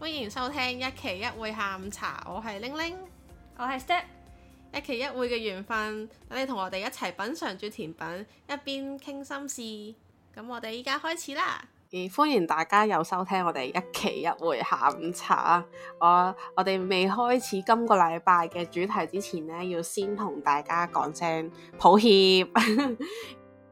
歡迎收聽一期一會下午茶，我係玲玲，我係 Step，一期一會嘅緣分，等你同我哋一齊品嘗住甜品，一邊傾心事，咁我哋依家開始啦。歡迎大家又收聽我哋一期一會下午茶。我我哋未開始今個禮拜嘅主題之前呢，要先同大家講聲抱歉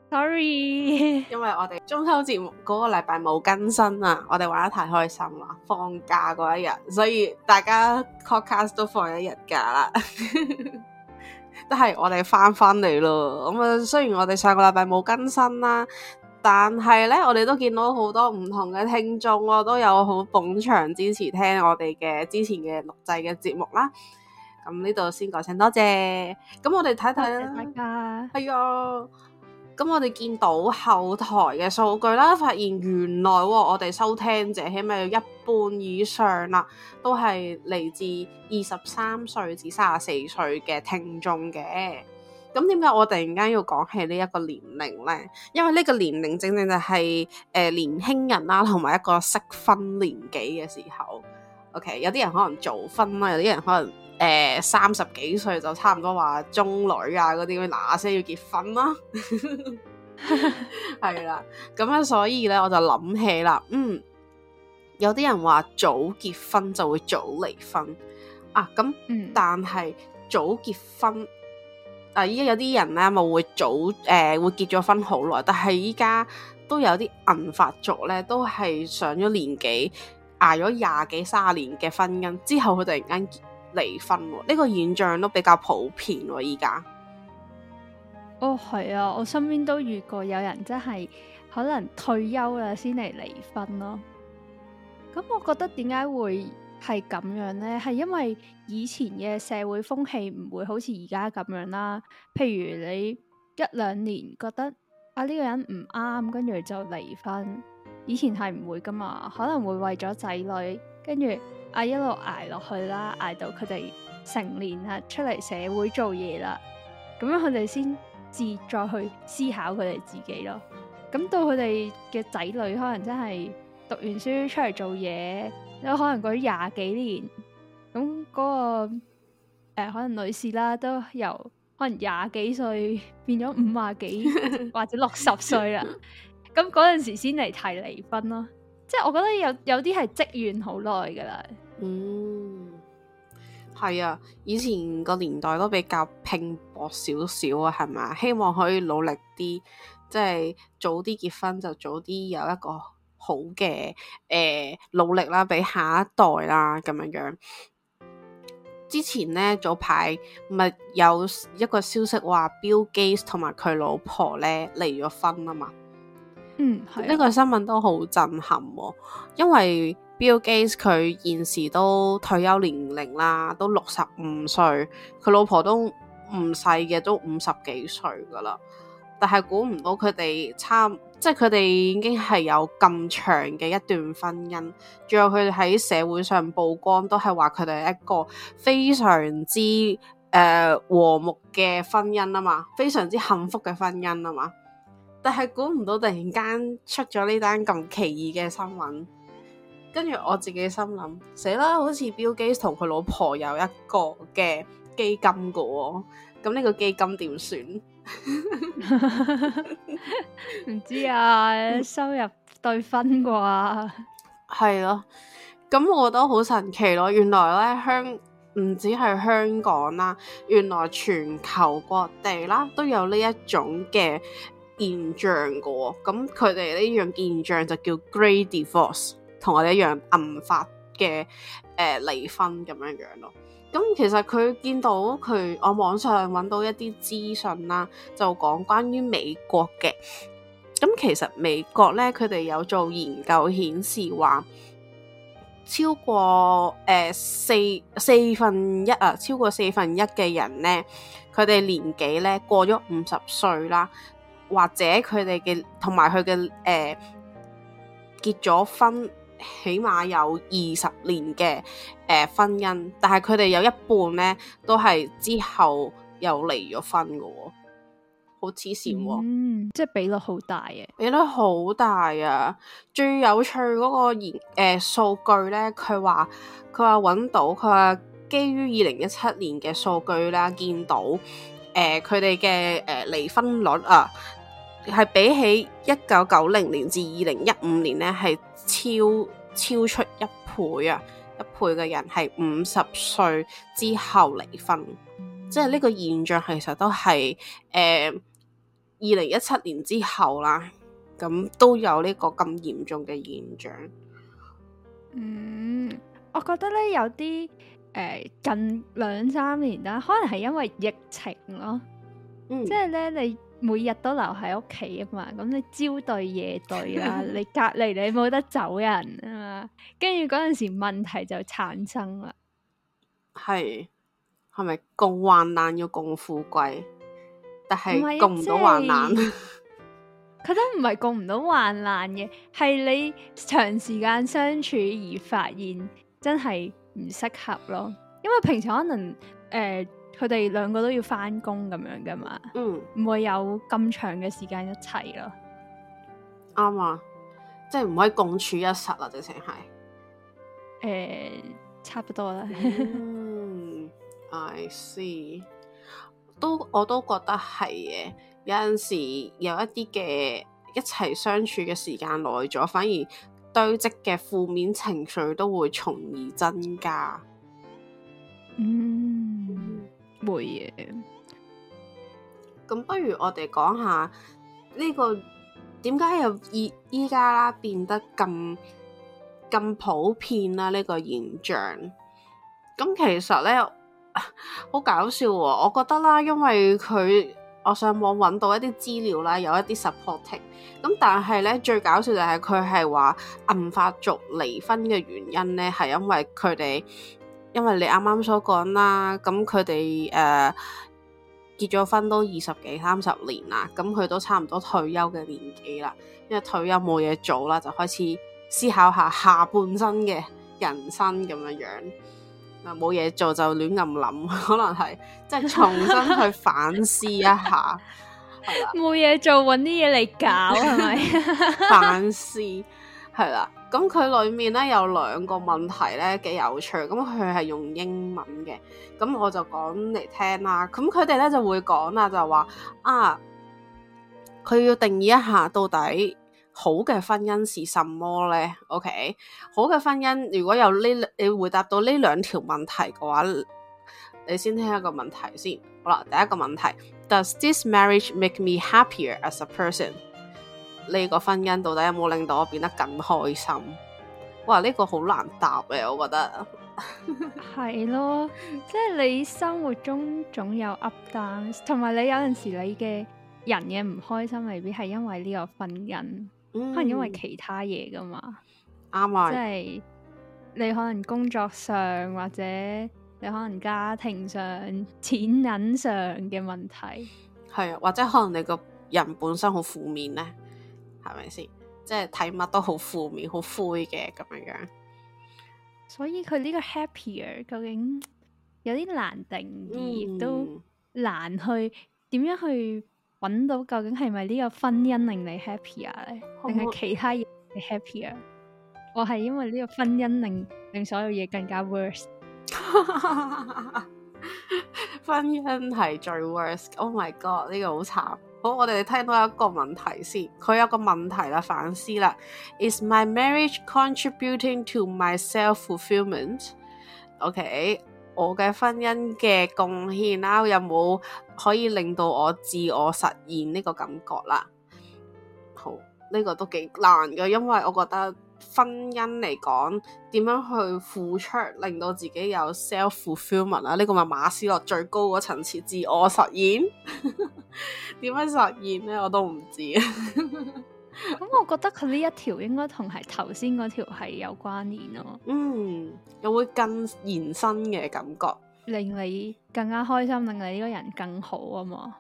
，sorry，因為我哋中秋節嗰個禮拜冇更新啊，我哋玩得太開心啦，放假嗰一日，所以大家 podcast 都放一日假啦，都 係我哋翻翻嚟咯。咁啊，雖然我哋上個禮拜冇更新啦。但係咧，我哋都見到好多唔同嘅聽眾，我都有好捧場支持聽我哋嘅之前嘅錄製嘅節目啦。咁呢度先講聲多謝。咁我哋睇睇啦，係啊。咁、哎、我哋見到後台嘅數據啦，發現原來喎，我哋收聽者起碼有一半以上啦，都係嚟自二十三歲至三十四歲嘅聽眾嘅。咁點解我突然間要講起呢一個年齡咧？因為呢個年齡正正就係誒年輕人啦、啊，同埋一個適婚年紀嘅時候。OK，有啲人可能早婚啦，有啲人可能誒三十幾歲就差唔多話中女啊嗰啲嗱嗱聲要結婚啦。係 啦， 咁啊，所以咧我就諗起啦，嗯，有啲人話早結婚就會早離婚啊。咁，但係早結婚。啊！依家有啲人咧，咪會早誒、呃、會結咗婚好耐，但係依家都有啲銀髮族咧，都係上咗年紀，捱咗廿幾卅年嘅婚姻之後，佢突然間離婚，呢、這個現象都比較普遍喎。依家，哦係啊，我身邊都遇過有人真係可能退休啦先嚟離婚咯。咁我覺得點解會？係咁樣呢，係因為以前嘅社會風氣唔會好似而家咁樣啦。譬如你一兩年覺得啊呢個人唔啱，跟住就離婚。以前係唔會噶嘛，可能會為咗仔女，跟住啊一路捱落去啦，捱到佢哋成年啦，出嚟社會做嘢啦，咁樣佢哋先至再去思考佢哋自己咯。咁到佢哋嘅仔女，可能真係讀完書出嚟做嘢。有可能過咗廿幾年，咁嗰個誒，可能女士啦，都由可能廿幾歲變咗五啊幾 或者六十歲啦，咁嗰陣時先嚟提離婚咯，即係我覺得有有啲係積怨好耐噶啦，嗯，係啊，以前個年代都比較拼搏少少啊，係嘛？希望可以努力啲，即係早啲結婚就早啲有一個。好嘅，誒、呃、努力啦，俾下一代啦咁樣。之前咧早排咪有一個消息話，Bill Gates 同埋佢老婆咧離咗婚啊嘛。了了嗯，呢個新聞都好震撼、哦，因為 Bill Gates 佢現時都退休年齡啦，都六十五歲，佢老婆都唔細嘅，都五十幾歲噶啦。但係估唔到佢哋差，即係佢哋已經係有咁長嘅一段婚姻，仲有佢哋喺社會上曝光都係話佢哋係一個非常之誒、呃、和睦嘅婚姻啊嘛，非常之幸福嘅婚姻啊嘛。但係估唔到突然間出咗呢單咁奇異嘅新聞，跟住我自己心諗，死啦！好似 Bill Gates 同佢老婆有一個嘅基金㗎喎、哦，咁呢個基金點算？唔 知啊，收入對分啩？係咯，咁我覺得好神奇咯。原來咧，香唔止係香港啦，原來全球各地啦都有呢一種嘅現象噶。咁佢哋呢樣現象就叫 grey divorce，同我哋一樣暗法嘅誒離婚咁樣樣咯。咁其實佢見到佢，我網上搵到一啲資訊啦，就講關於美國嘅。咁其實美國咧，佢哋有做研究顯示話，超過誒四四分一啊，超過四分一嘅人咧，佢哋年紀咧過咗五十歲啦，或者佢哋嘅同埋佢嘅誒結咗婚。起碼有二十年嘅誒、呃、婚姻，但係佢哋有一半咧都係之後又離咗婚噶、哦，好黐線喎！嗯，即係比率好大嘅，比率好大啊！最有趣嗰個研誒數據咧，佢話佢話搵到，佢話基於二零一七年嘅數據啦，見到誒佢哋嘅誒離婚率啊，係比起一九九零年至二零一五年咧係。超超出一倍啊！一倍嘅人係五十歲之後離婚，嗯、即係呢個現象，其實都係誒二零一七年之後啦，咁都有呢個咁嚴重嘅現象。嗯，我覺得咧有啲誒、呃、近兩三年啦，可能係因為疫情咯。嗯、即係咧你。每日都留喺屋企啊嘛，咁你朝對夜對啦， 你隔籬你冇得走人啊嘛，跟住嗰陣時問題就產生啦。係，係咪共患難要共富貴？但係是共唔到患難，佢都唔係共唔到患難嘅，係你長時間相處而發現真係唔適合咯。因為平常可能誒。呃佢哋兩個都要翻工咁樣噶嘛？嗯，唔會有咁長嘅時間一齊咯。啱啊，即係唔可以共處一室啦，直情係。誒，差唔多啦。嗯、 I see 都。都我都覺得係嘅。有陣時有一啲嘅一齊相處嘅時間耐咗，反而堆積嘅負面情緒都會從而增加。嗯。冇嘢，咁不如我哋講下呢、個點解又依依家啦變得咁咁普遍啦、啊、呢、個現象。咁其實咧好搞笑、啊，我覺得啦，因為佢我上網揾到一啲資料啦，有一啲 supporting，咁但係咧最搞笑就係佢係話銀髮族離婚嘅原因咧，係因為佢哋。因為你啱啱所講啦，咁佢哋誒結咗婚都二十幾三十年啦，咁佢都差唔多退休嘅年紀啦，因為退休冇嘢做啦，就開始思考下下半生嘅人生咁樣樣。啊，冇嘢做就亂咁諗，可能係即係重新去反思一下。冇嘢、 啊、做搵啲嘢嚟搞係咪？反思係啦。咁佢裏面咧有兩個問題咧幾有趣，咁佢係用英文嘅，咁我就講嚟聽啦。咁佢哋咧就會講啦，就話啊，佢要定義一下到底好嘅婚姻是什麼咧。OK，好嘅婚姻，如果有呢你回答到呢兩條問題嘅話，你先聽一個問題先。好啦，第一個問題 ，Does this marriage make me happier as a person？呢個婚姻到底有冇令到我變得更開心？哇，呢、這個好難答嘅，我覺得係咯， 即係你生活中總有 up down，同埋你有陣時你嘅人嘅唔開心，未必係因為呢個婚姻，嗯、可能因為其他嘢噶嘛，啱啊、嗯，即係你可能工作上或者你可能家庭上、錢銀上嘅問題係啊，或者可能你個人本身好負面咧。係咪先？即係睇乜都好負面、好灰嘅，咁樣樣。所以佢呢個 happier 究竟有啲難定啲，亦、嗯、都難去點樣去搵到究竟係咪呢個婚姻令你 happier 咧，定係其他嘢 happier？ 我係因為呢個婚姻令令所有嘢更加 worse。 婚姻係最 worse。Oh my god！呢個好慘。好，我哋聽到一個問題先，佢有個問題啦，反思啦，Is my marriage contributing to my self-fulfillment？OK，okay，我嘅婚姻嘅貢獻啦，有冇可以令到我自我實現呢個感覺啦？好，呢個都幾難嘅，因為我覺得。婚姻嚟講，點樣去付出，令到自己有 self fulfillment 啊？呢、這個咪馬斯洛最高嗰層次自我實現？點 樣實現咧？我都唔知啊。咁我覺得佢呢一條應該同係頭先嗰條係有關聯咯。嗯，又會更延伸嘅感覺，令你更加開心，令你呢個人更好是是是啊嘛。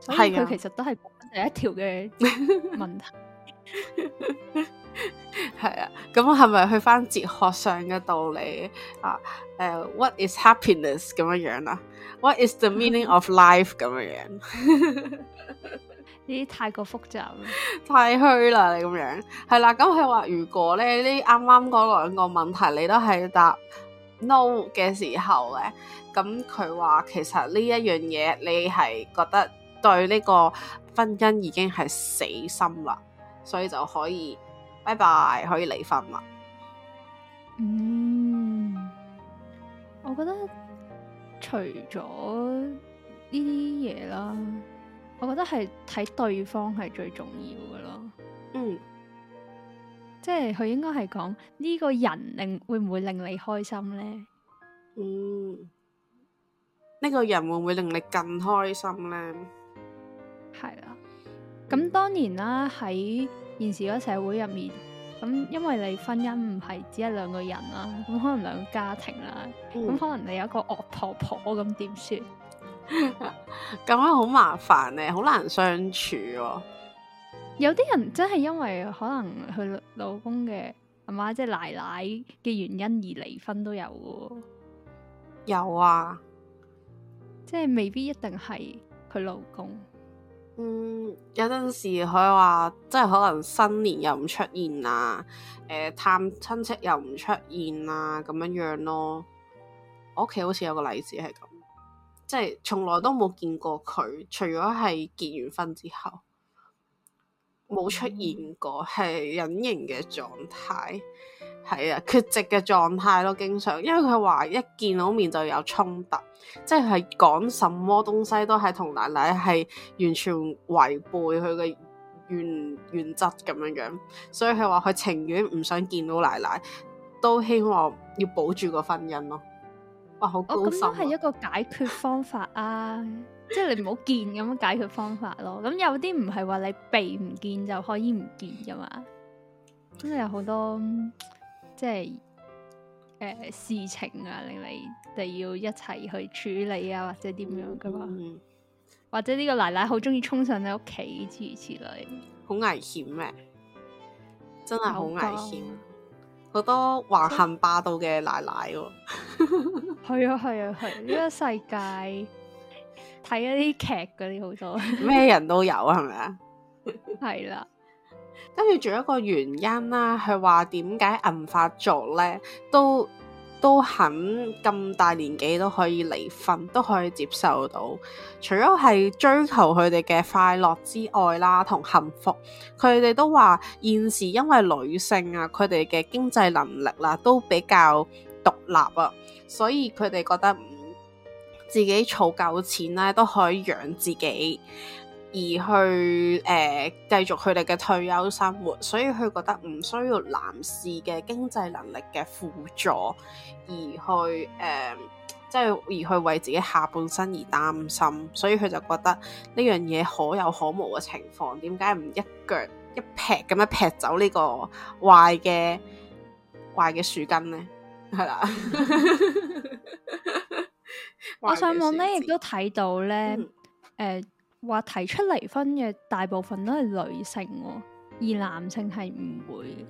所以佢其實都係第一條嘅問題。 咁係咪去翻哲學上嘅道理啊？誒，uh，What is happiness 咁樣樣啦？What is the meaning of life 咁樣樣？呢啲太過複雜 太虛啦，你咁樣係啦。咁佢話如果咧呢啱啱嗰兩個問題你都係答 no 嘅時候咧，咁佢話其實呢一樣嘢你係覺得對呢個婚姻已經係死心啦，所以就可以。拜拜，bye bye, 可以離婚啦。嗯，我覺得除咗呢啲嘢啦，我覺得係睇對方係最重要嘅咯。嗯，即係佢應該係講呢個人令會唔會令你開心咧？嗯，呢個人會唔會令你更開心咧？係啦，咁當然啦，喺現時個社會入面，咁因為你婚姻唔係只係兩個人啦，咁可能兩個家庭啦，咁、嗯、可能你有一個惡婆婆咁點算？咁 樣好麻煩咧，好難相處。有啲人真係因為可能佢老公嘅阿媽，即係奶奶嘅原因而離婚都有嘅。有啊，即係未必一定係佢老公。嗯，有陣時佢話，即係可能新年又唔出現啊，誒、呃，探親戚又唔出現啊，咁樣樣咯。我屋企好似有個例子係咁，即係從來都冇見過佢，除咗係結完婚之後。冇出現過，係隱形嘅狀態，係啊，缺席嘅狀態咯。經常，因為佢話一見到面就有衝突，即係講什麼東西都係同奶奶係完全違背佢嘅原原則咁樣樣，所以佢話佢情願唔想見到奶奶，都希望要保住個婚姻咯。哇，好高深啊！都係、哦、一個解決方法啊！ 即係你唔好見，咁樣解決方法咯，咁有啲唔係話你避唔見就可以唔見噶嘛，真係有好多即係誒事情啊令你哋要一齊去處理啊，或者點樣噶嘛，或者呢個奶奶好中意衝上你屋企之類。好危險咩啊？真係好危險，好多橫行霸道嘅奶奶，係啊係啊係，呢個世界。睇嗰啲劇嗰啲好多，咩 人都有係咪啊？係啦， 的跟住仲有一個原因啦、啊，係話點解銀髮族咧都都肯咁大年紀都可以離婚，都可以接受到。除咗係追求佢哋嘅快樂之外啦，同幸福，佢哋都話現時因為女性啊，佢哋嘅經濟能力啦、啊、都比較獨立啊，所以佢哋覺得。自己儲夠錢咧，都可以養自己，而去誒、呃、繼續佢哋嘅退休生活。所以佢覺得唔需要男士嘅經濟能力嘅輔助，而去誒即係而去為自己下半生而擔心。所以佢就覺得呢樣嘢可有可無嘅情況，點解唔一腳一劈咁樣劈走呢個壞嘅壞嘅樹根呢？係啦。 我上網咧，亦都睇到咧，誒、嗯，話提、呃、出離婚嘅，大部分都係女性、哦，而男性係唔會，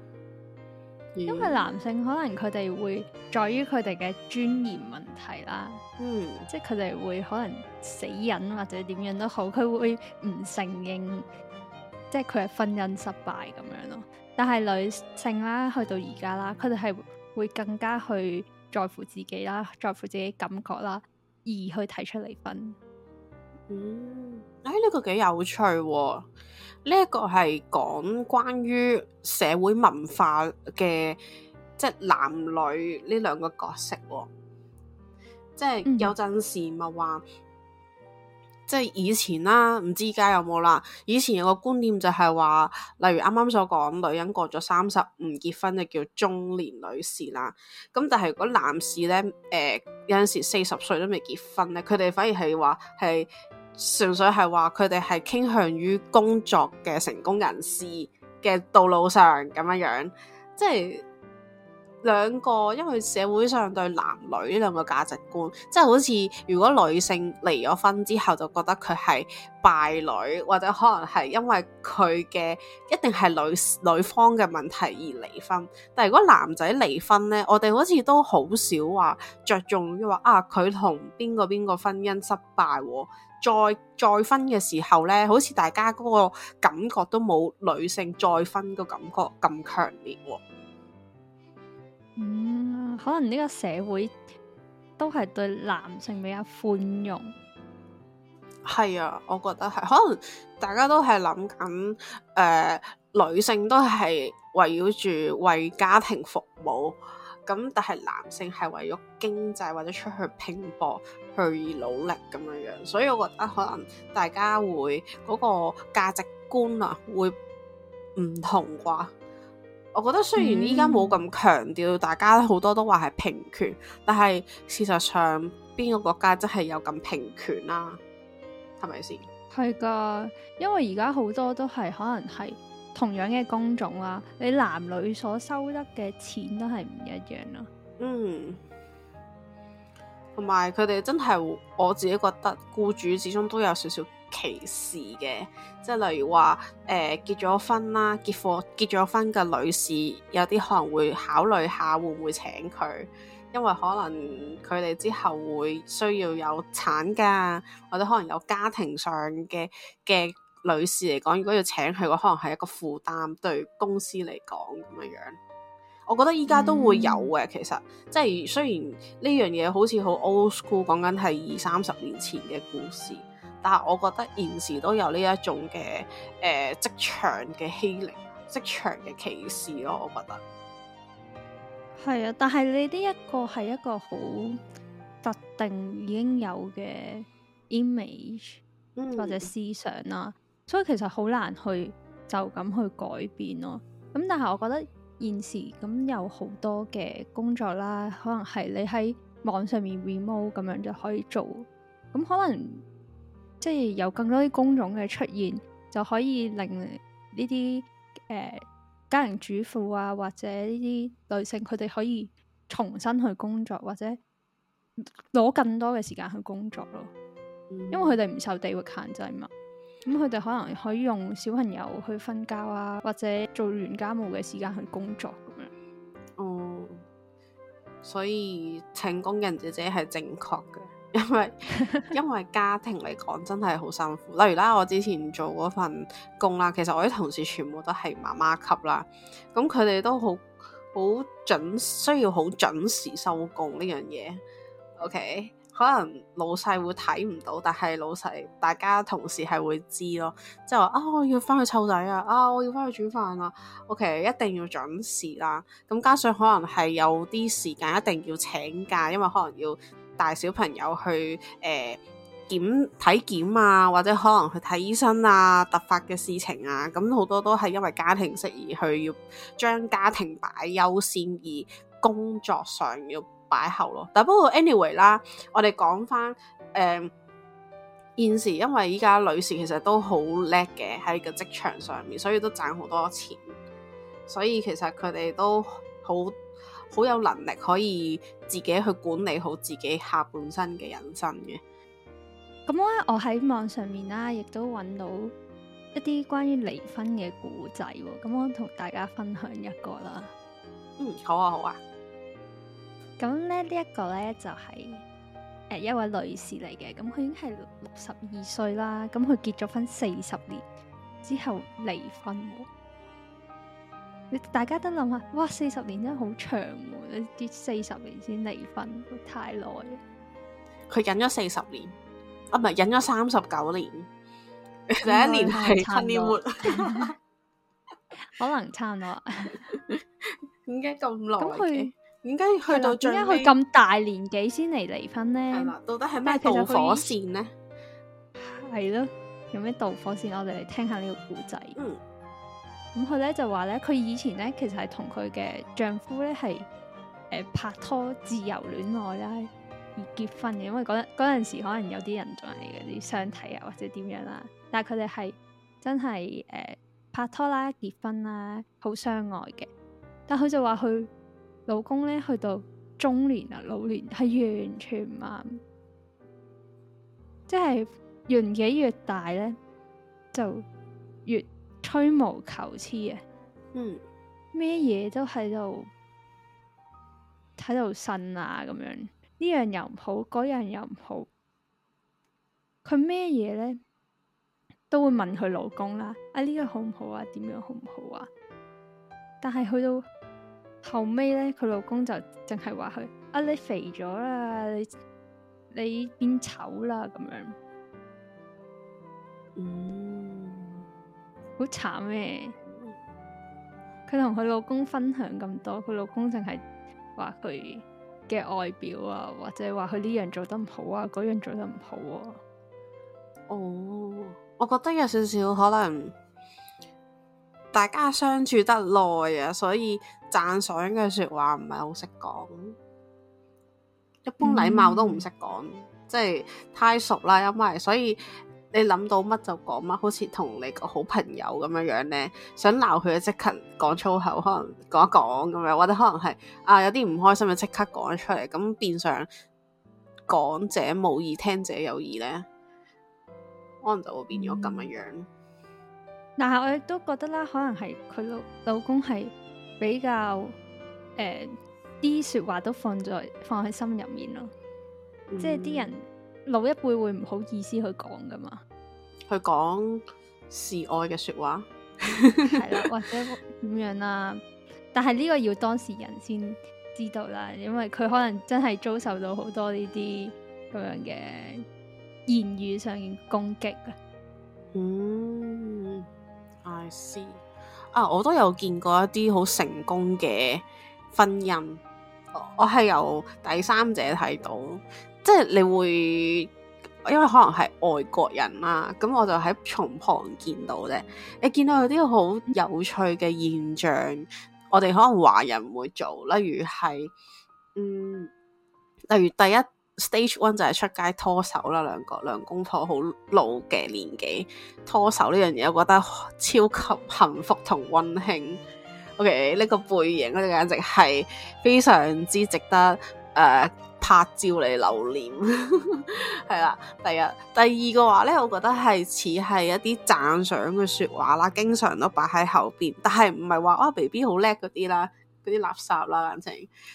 嗯、因為男性可能佢哋會在於佢哋嘅尊嚴問題啦，嗯，即係佢哋會可能死忍或者點樣都好，佢會唔承認，即係佢係婚姻失敗咁樣咯。但係女性啦，去到而家啦，佢哋係會更加去。在乎自己啦，在乎自己感覺啦，而去提出離婚。嗯，哎，呢、這個幾有趣、喎。呢、這、一個係講關於社會文化嘅，即係男女呢兩個角色、喎。即係有陣時咪話。嗯即係以前啦，唔知而家有冇啦。以前有個觀念就係話，例如啱啱所講，女人過咗三十唔結婚就叫中年女士啦。咁但係如果男士咧，誒、呃、有陣時四十歲都未結婚咧，佢哋反而係話係純粹係話佢哋係傾向於工作嘅成功人士嘅道路上咁樣樣，即係。兩個，因為社會上對男女呢兩個價值觀，即係好似如果女性離咗婚之後，就覺得佢係敗女，或者可能係因為佢嘅一定係女女方嘅問題而離婚。但係如果男仔離婚呢，我哋好似都好少話着重於話啊，佢同邊個邊個婚姻失敗，再再婚嘅時候呢，好似大家嗰個感覺都冇女性再婚個感覺咁強烈喎。嗯，可能呢個社會都係對男性比較寬容。係啊，我覺得係，可能大家都係諗緊，誒、呃，女性都係圍繞住為家庭服務，咁但係男性係為咗經濟或者出去拼搏去努力咁樣樣，所以我覺得可能大家會嗰、那個價值觀啊會唔同啩。我覺得雖然依家冇咁強調，嗯、大家好多都話係平權，但係事實上邊個國家真係有咁平權啦，啊？係咪先？係噶，因為而家好多都係可能係同樣嘅工種啦，啊，你男女所收得嘅錢都係唔一樣咯，啊。嗯，同埋佢哋真係我自己覺得，僱主始終都有少少。歧視嘅，即係例如話誒、呃、結咗婚啦，結婚，結咗婚嘅女士有啲可能會考慮下會唔會請佢，因為可能佢哋之後會需要有產假，或者可能有家庭上嘅嘅女士嚟講，如果要請佢，可能係一個負擔對公司嚟講咁樣樣。我覺得依家都會有嘅，嗯、其實即係雖然呢樣嘢好似好 old school，講緊係二三十年前嘅故事。但係，我覺得現時都有呢一種嘅誒職場嘅欺凌、職場嘅歧視咯，啊。我覺得係啊，但係你呢一個係一個好特定已經有嘅 image、嗯、或者思想啦，所以其實好難去就咁去改變咯。咁但係，我覺得現時咁有好多嘅工作啦，可能係你喺網上面 remote 咁樣就可以做，咁可能。即係有更多啲工種嘅出現，就可以令呢啲誒家庭主婦啊，或者呢啲女性，佢哋可以重新去工作，或者攞更多嘅時間去工作咯。嗯，因為佢哋唔受地域限制嘛，咁佢哋可能可以用小朋友去瞓覺啊，或者做完家務嘅時間去工作咁樣。哦，嗯，所以請工人姐姐係正確嘅。因為 因為家庭嚟講真係好辛苦，例如啦，我之前做嗰份工啦，其實我啲同事全部都係媽媽級啦，咁佢哋都好好準，需要好準時收工呢樣嘢。OK，可能老細會睇唔到，但係老細大家同事係會知咯，即係話啊，我要翻去湊仔啊，啊，我要翻去煮飯啊。OK，一定要準時啦。咁加上可能係有啲時間一定要請假，因為可能要。大小朋友去誒、呃、檢體檢啊，或者可能去睇醫生啊，突發嘅事情啊，咁、嗯、好多都係因為家庭適宜去要將家庭擺優先，而工作上要擺後咯。但不過 anyway 啦，我哋講翻誒現時，因為依家女士其實都好叻嘅喺個職場上面，所以都賺好多錢，所以其實佢哋都好。好有能力可以自己去管理好自己下半生嘅人生嘅。咁咧，我喺網上面啦，亦都搵到一啲關於離婚嘅古仔，咁我同大家分享一個啦。嗯，好啊，好啊。咁咧、就是，呢一個呢，就係誒一位女士嚟嘅，咁佢已經係六十二歲啦，咁佢結咗婚四十年之後離婚。你大家都諗下，哇！四十年真係好長喎，你結四十年先離婚，太耐。佢忍咗四十年，啊唔係忍咗三十九年，第一年係七年末， 可能差唔多。點解咁耐？咁佢點解去到？點解佢咁大年紀先嚟離婚咧？到底係咩導火線咧？係咯， 有咩導火線？我哋嚟聽，聽下呢個故仔。嗯。 咁佢咧就話咧，佢以前咧其實係同佢嘅丈夫咧係誒拍拖、自由戀愛啦而結婚嘅，因為嗰嗰陣時可能有啲人仲係嗰啲相睇啊或者點樣啦、啊，但係佢哋係真係誒、呃、拍拖啦、結婚啦，好相愛嘅。但佢就話佢老公咧去到中年啊、老年係完全唔啱，即係年紀越大咧就越。吹毛求疵、嗯、啊，嗯，咩嘢都喺度喺度呻啊，咁樣呢樣又唔好，嗰樣又唔好，佢咩嘢咧都會問佢老公啦，啊呢、呢個好唔好啊，點樣好唔好啊？但係去到後尾咧，佢老公就淨係話佢啊，你肥咗啦，你你，你變醜啦咁樣。嗯。好慘咩！佢同佢老公分享咁多，佢老公淨係話佢嘅外表啊，或者話佢呢樣做得唔好啊，嗰樣做得唔好啊。哦，我覺得有少少可能大家相處得耐啊，所以讚賞嘅說話唔係好識講，一般禮貌都唔識講，嗯、即係太熟啦，因為所以。你諗到乜就講乜，好似同你個好朋友咁樣樣咧，想鬧佢就即刻講粗口，可能講一講咁樣，或者可能係啊有啲唔開心就即刻講出嚟，咁變相講者無意，聽者有意咧，可能就會變咗咁樣樣。嗯、但係我亦都覺得啦，可能係佢老老公係比較誒啲、呃、說話都放在放喺心入面咯，即係啲人。老一輩會唔好意思去講噶嘛？去講示愛嘅說話，係啦，或者點樣啦，啊？但係呢個要當事人先知道啦，因為佢可能真係遭受到好多呢啲咁樣嘅言語上攻擊嘅。嗯，I see。啊，我都有見過一啲好成功嘅婚姻，我係由第三者睇到。即係你會，因為可能係外國人啦，咁我就喺從旁見到咧，你見到有啲好有趣嘅現象，我哋可能華人唔會做，例如係，嗯，例如第一 Stage One 就係出街拖手啦，兩個兩公婆好老嘅年紀，拖手呢樣嘢，我覺得超級幸福同温馨，OK，呢個背影咧簡直係非常之值得。誒，拍照嚟留念，係 啦、啊。第一、第二嘅話咧，我覺得係似係一啲讚賞嘅説話啦，經常都擺喺後邊，但係唔係話哇，B B 好叻嗰啲啦，嗰啲垃圾啦，反正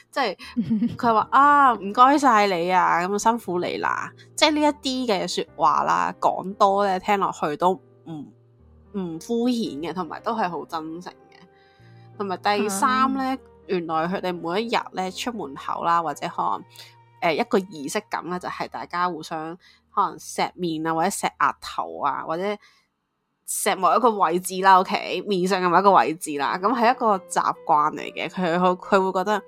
即係佢話啊，唔該晒你啊，咁辛苦你啦，即係呢一啲嘅説話啦，講多咧聽落去都唔唔敷衍嘅，同埋都係好真誠嘅，同埋第三咧。嗯原來佢哋每一日咧出門口啦，或者可能誒、呃、一個儀式感咧，就係大家互相可能錫面啊，或者錫額頭啊，或者錫某一個位置啦，OK，面上嘅某一個位置啦，咁係一個習慣嚟嘅。佢佢佢會覺得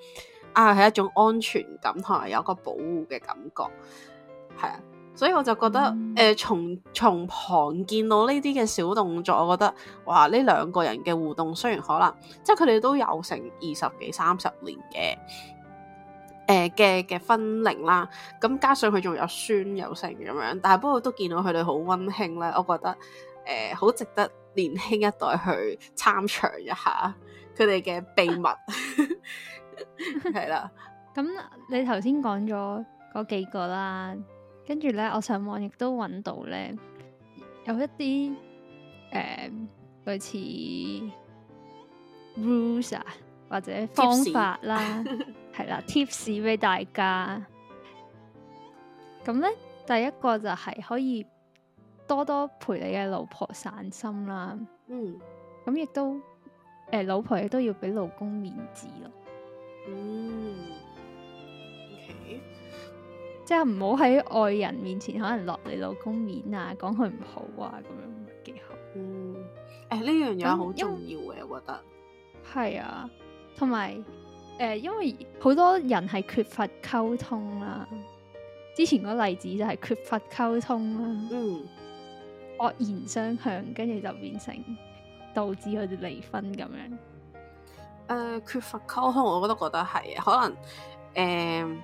啊，係一種安全感同埋有個保護嘅感覺，係啊。所以我就覺得，誒、嗯，從從、呃、旁見到呢啲嘅小動作，我覺得，哇！呢兩個人嘅互動，雖然可能，即係佢哋都有成二十幾三十年嘅，誒嘅嘅分齡啦，咁加上佢仲有孫有成咁樣，但係不過都見到佢哋好温馨咧，我覺得，誒、呃，好值得年輕一代去參詳一下佢哋嘅秘密。係 啦，咁 你頭先講咗嗰幾個啦。跟住咧，我上網亦都揾到咧，有一啲誒、呃、類似 rules 啊，或者方法啦，係啦 tips 俾大家。咁咧，第一個就係可以多多陪你嘅老婆散心啦。嗯，咁亦都誒、呃，老婆亦都要俾老公面子咯。嗯。即係唔好喺外人面前可能落你老公面啊，講佢唔好啊，咁樣咪幾好。嗯，誒、欸、呢樣嘢好、嗯、重要嘅，為我覺得。係啊，同埋誒，因為好多人係缺乏溝通啦。之前個例子就係缺乏溝通啦。嗯。惡言相向，跟住就變成導致佢哋離婚咁樣。誒、呃，缺乏溝通，我覺得覺得係，可能誒。呃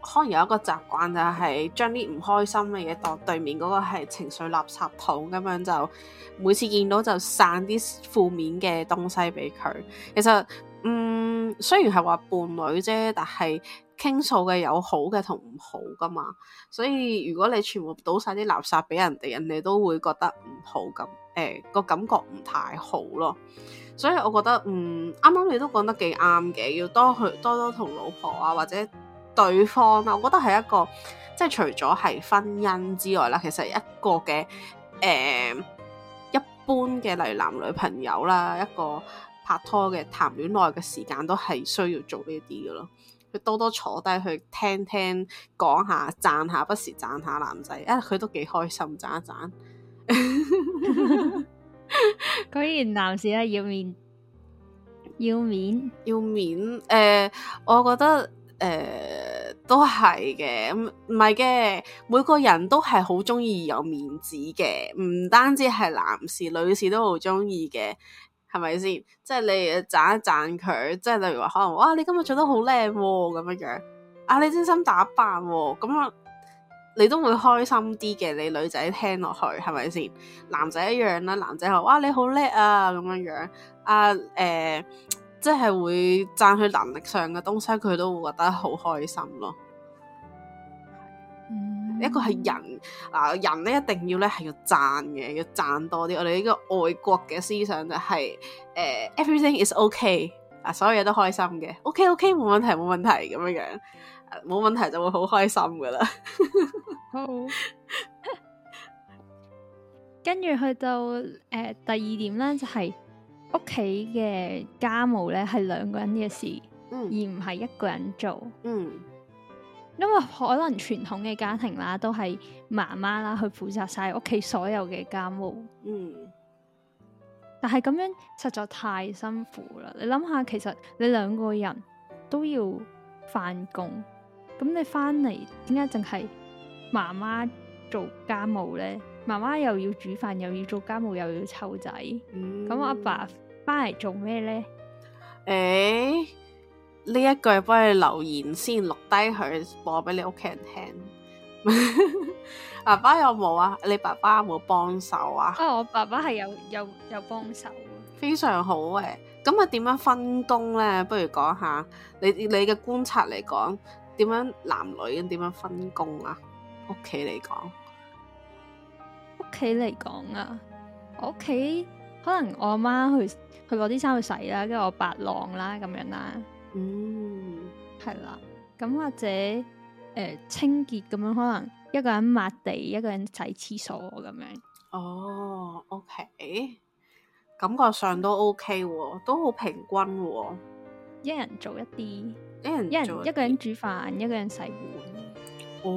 可能有一個習慣就係將啲唔開心嘅嘢當對面嗰個係情緒垃圾桶咁樣，就每次見到就散啲負面嘅東西俾佢。其實，嗯，雖然係話伴侶啫，但係傾訴嘅有好嘅同唔好㗎嘛。所以如果你全部倒晒啲垃圾俾人哋，人哋都會覺得唔好咁，誒、呃、個感覺唔太好咯。所以，我覺得嗯，啱啱你都講得幾啱嘅，要多去多多同老婆啊或者。對方啦，我覺得係一個即係除咗係婚姻之外啦，其實一個嘅誒、呃、一般嘅，例如男女朋友啦，一個拍拖嘅談戀愛嘅時間都係需要做呢啲嘅咯。佢多多坐低去聽聽講下，讚下，不時讚下男仔，因為，佢都幾開心，讚一讚。果 然 男士咧要面，要面，要面。誒、呃，我覺得。誒、呃、都係嘅，唔唔係嘅，每個人都係好中意有面子嘅，唔單止係男士、女士都好中意嘅，係咪先？即係你讚一讚佢，即係例如話可能，哇！你今日做得好靚喎，咁樣樣啊，你精心打扮喎、哦，咁啊，你都會開心啲嘅。你女仔聽落去係咪先？男仔一樣啦，男仔話，哇！你好叻啊，咁樣樣啊，誒、呃。即係會讚佢能力上嘅東西，佢都會覺得好開心咯。嗯，一個係人，嗱人咧一定要咧係要讚嘅，要讚多啲。我哋呢個外國嘅思想就係、是、誒、呃、，everything is ok，啊，所有嘢都開心嘅。ok ok，冇問題冇問題咁樣樣，冇問題就會好開心噶啦。 好，好。 跟住去到誒、呃、第二點咧，就係、是。屋企嘅家務咧係兩個人嘅事，嗯、而唔係一個人做。嗯、因為可能傳統嘅家庭啦，都係媽媽啦去負責晒屋企所有嘅家，家務。嗯，但係咁樣實在太辛苦啦！你諗下，其實你兩個人都要翻工，咁你翻嚟點解淨係媽媽做家務咧？媽媽又要煮飯，又要做家務，又要湊仔，咁阿、嗯、爸返嚟做咩呢？誒、欸，呢一句幫你留言先，錄低佢播俾你屋企人聽。 爸爸有冇啊？ 你爸爸有冇幫手啊？啊，我爸爸係有有有幫手，非常好誒。咁啊，點樣分工呢？不如講下你你嘅觀察嚟講，點樣男女嘅點樣分工啊？屋企嚟講。屋企嚟講啊，我屋企可能我阿媽去去攞啲衫去洗啦，跟住我白浪啦咁樣啦，嗯，係啦，咁或者誒、呃、清潔咁樣，可能一個人抹地，一個人洗廁所咁樣。哦，OK，感覺上都 OK，哦、都好平均，哦，一人做一啲，一人一人一個人煮飯，一個人洗碗。哦，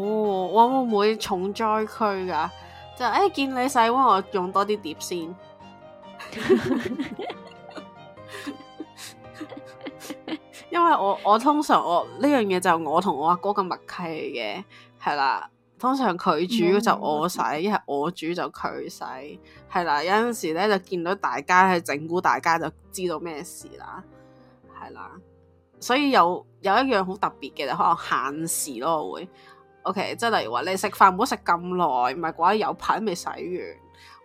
我會唔會重災區噶？就誒、哎，見你洗碗，我用多啲碟先。 因為我我通常我呢樣嘢就我同我阿哥咁默契嘅，係啦。通常佢煮就我洗，一係、嗯、我煮就佢洗，係啦。有陣時咧就見到大家去整蠱大家，就知道咩事啦，係啦。所以有有一樣好特別嘅就是、可能限時咯，我會。O.K. 即係例如話你食飯唔好食咁耐，唔係嘅話有排都未洗完，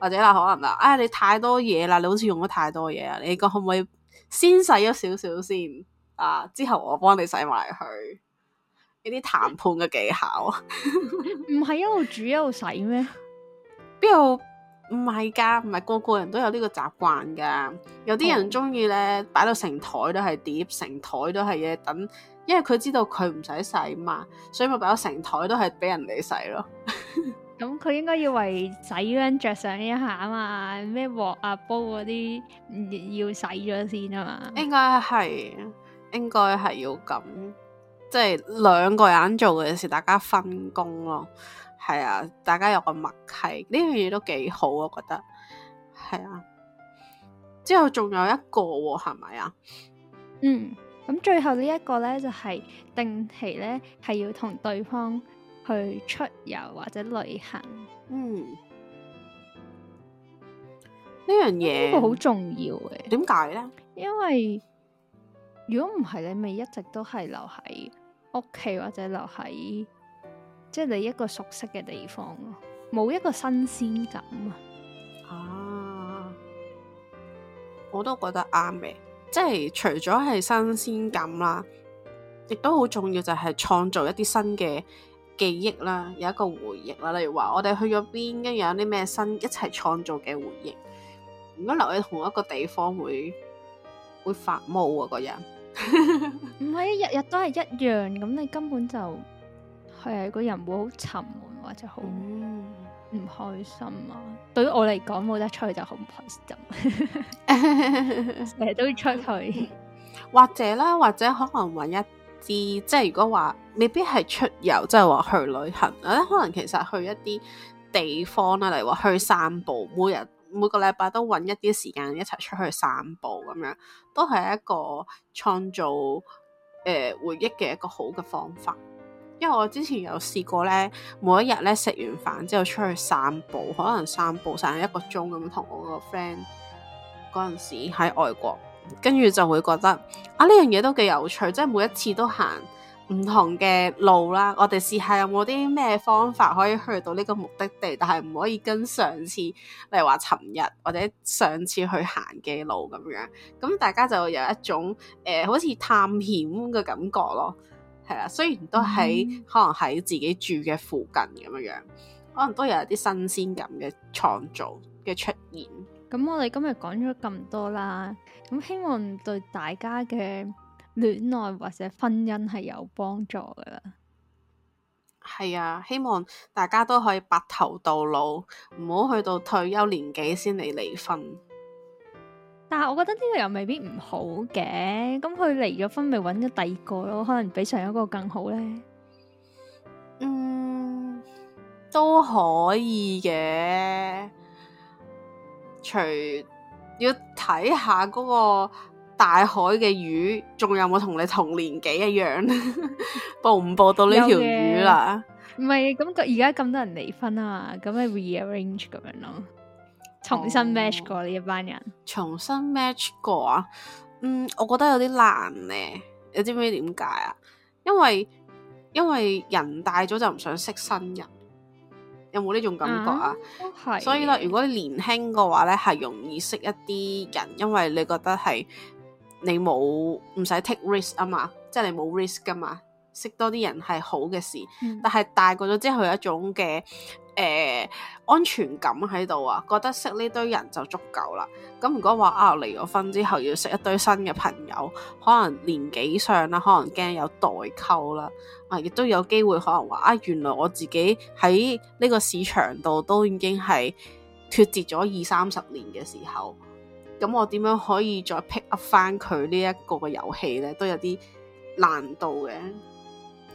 或者啦可能啊，唉、哎、你太多嘢啦，你好似用咗太多嘢啊，你個可唔可以先洗咗少少先啊？之後我幫你洗埋佢，呢啲談判嘅技巧，唔 係一路煮一路洗咩？邊度？唔係噶，唔係個個人都有呢個習慣噶。有啲人中意咧，擺到成台都係碟，成台都係嘢等，因為佢知道佢唔使洗嘛，所以咪擺到成台都係俾人哋洗咯。咁 佢、嗯、應該要為洗嗰陣着想一下啊嘛，咩鑊啊煲嗰啲要洗咗先啊嘛。應該係，應該係要咁，即係兩個人做嘅時，大家分工咯。係啊，大家有個默契，呢樣嘢都幾好，我覺得係啊。之後仲有一個喎，係咪啊？嗯，咁最後呢一個咧就係、是、定期咧係要同對方去出遊或者旅行。嗯，呢樣嘢呢個好重要嘅。點解咧？因?為如果唔係，你咪一直都係留喺屋企或者留喺。即係你一個熟悉嘅地方冇一個新鮮感啊！我都覺得啱嘅，即係除咗係新鮮感啦，亦都好重要就係創造一啲新嘅記憶啦，有一個回憶啦。例如話我哋去咗邊，跟住有啲咩新一齊創造嘅回憶。如果留喺同一個地方，會會發毛啊！個人唔係一日日都係一樣，咁你根本就。係啊，個人會好沉悶或者好唔開心啊！對於我嚟講，冇得出去就好唔開心，啊，成 日都要出去， 或者啦，或者可能揾一啲，即係如果話未必係出遊，即係話去旅行，或者可能其實去一啲地方啦，例如話去散步，每日每個禮拜都揾一啲時間一齊出去散步咁樣，都係一個創造誒、呃、回憶嘅一個好嘅方法。因為我之前有試過咧，每一日咧食完飯之後出去散步，可能散步散一個鐘咁，同我個 friend 嗰陣時喺外國，跟住就會覺得啊，呢樣嘢都幾有趣，即係每一次都行唔同嘅路啦。我哋試下有冇啲咩方法可以去到呢個目的地，但係唔可以跟上次，例如話尋日或者上次去行嘅路咁樣。咁大家就有一種誒、呃，好似探險嘅感覺咯。係啦，雖然都喺可能喺自己住嘅附近咁樣樣，可能都有啲新鮮感嘅創造嘅出現。咁我哋今日講咗咁多啦，咁希望對大家嘅戀愛或者婚姻係有幫助噶啦。係啊，希望大家都可以白頭到老，唔好去到退休年紀先嚟離婚。但係我覺得呢個又未必唔好嘅，咁佢離咗婚咪揾咗第二個咯，可能比上一個更好咧。嗯，都可以嘅，除要睇下嗰個大海嘅魚，仲有冇同你同年紀一樣，捕唔捕到呢條魚啦？唔係， 咁而家咁多人離婚啊嘛，咁咪 rearrange 咁樣咯。重新 match 過呢、哦、一班人，重新 match 過啊，嗯，我覺得有啲難咧，你知唔知點解啊？因為因為人大咗就唔想識新人，有冇呢種感覺啊？係、啊、所以咧，如果你年輕嘅話咧，係容易識一啲人，因為你覺得係你冇唔使 take risk 啊嘛，即、就、係、是、你冇 risk 噶嘛，識多啲人係好嘅事，嗯、但係大個咗之後有一種嘅。誒、欸、安全感喺度啊，覺得識呢堆人就足夠啦。咁如果話啊離咗婚之後要識一堆新嘅朋友，可能年紀上啦，可能驚有代溝啦。啊，亦都有機會可能話啊，原來我自己喺呢個市場度都已經係脫節咗二三十年嘅時候，咁我點樣可以再 pick up 翻佢呢一個嘅遊戲呢？都有啲難度嘅。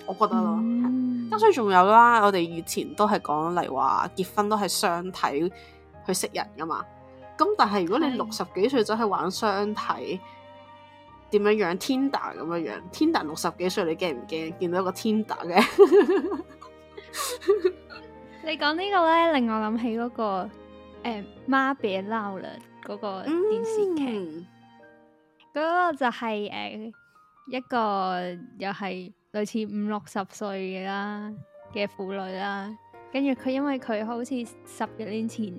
我覺得咯，嗯、所以仲有啦，我哋以前都係講嚟話結婚都係相睇去識人噶嘛，咁但係如果你六十幾歲就去玩相睇，點的樣 Tinder 樣？Tinder 咁樣樣，Tinder 六十幾歲你驚唔驚？見到一個 Tinder 嘅？ 你講呢個咧令我諗起嗰，那個誒媽別鬧了個電視劇，嗯、個就係、是、誒、呃、一個又係。類似五六十歲嘅啦嘅婦女啦，跟住佢因為佢好似十幾年前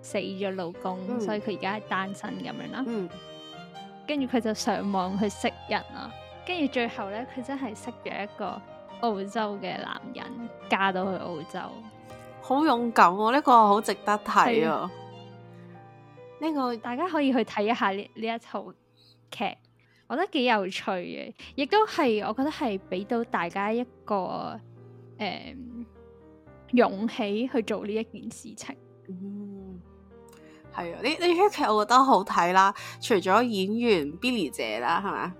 死咗老公，嗯、所以佢而家係單身咁樣啦。跟住佢就上網去識人啦，跟住最後呢，佢真係識咗一個澳洲嘅男人，嫁到去澳洲。好勇敢哦！呢、這個好值得睇啊、哦！呢是、這個大家可以去睇一下呢呢一套劇。我覺得幾有趣嘅，亦都係我覺得係俾到大家一個誒、嗯、勇氣去做呢一件事情。嗯，係啊，呢呢出劇我覺得好睇啦，除咗演員 Billy 姐啦，係咪？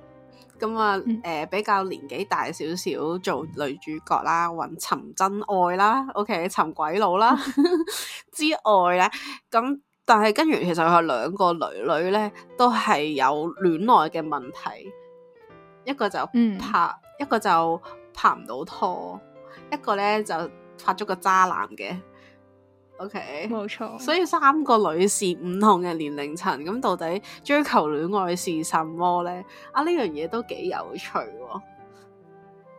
咁啊誒比較年紀大少少做女主角啦，揾尋真愛啦，OK 尋鬼佬啦、嗯、 之外咧，咁。但係跟住，其實佢兩個女女咧都係有戀愛嘅問題，一個就拍，嗯、一個就拍唔到拖，一個咧就拍咗個渣男嘅。OK，冇錯。所以三個女士唔同嘅年齡層，咁、嗯、到底追求戀愛是什麼咧？啊，呢樣嘢都幾有趣、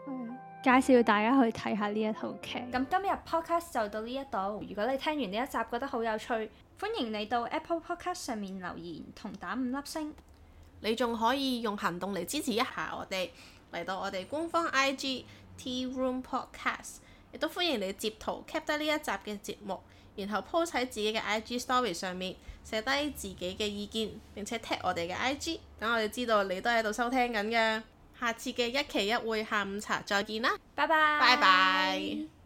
嗯。介紹大家去睇下呢一套劇。咁今日 podcast 就到呢一度，如果你聽完呢一集覺得好有趣。歡迎你到 Apple Podcast 上面留言同打五粒星，你仲可以用行動嚟支持一下我哋。嚟到我哋官方 IG Tea Room Podcast，亦都歡迎你截圖 cap 低呢一集嘅節目，然後 post 喺自己嘅 IG Story 上面寫低自己嘅意見，並且 tag 我哋嘅 IG，等我哋知道你都喺度收聽緊嘅。下次嘅一期一會下午茶再見啦，拜拜拜拜。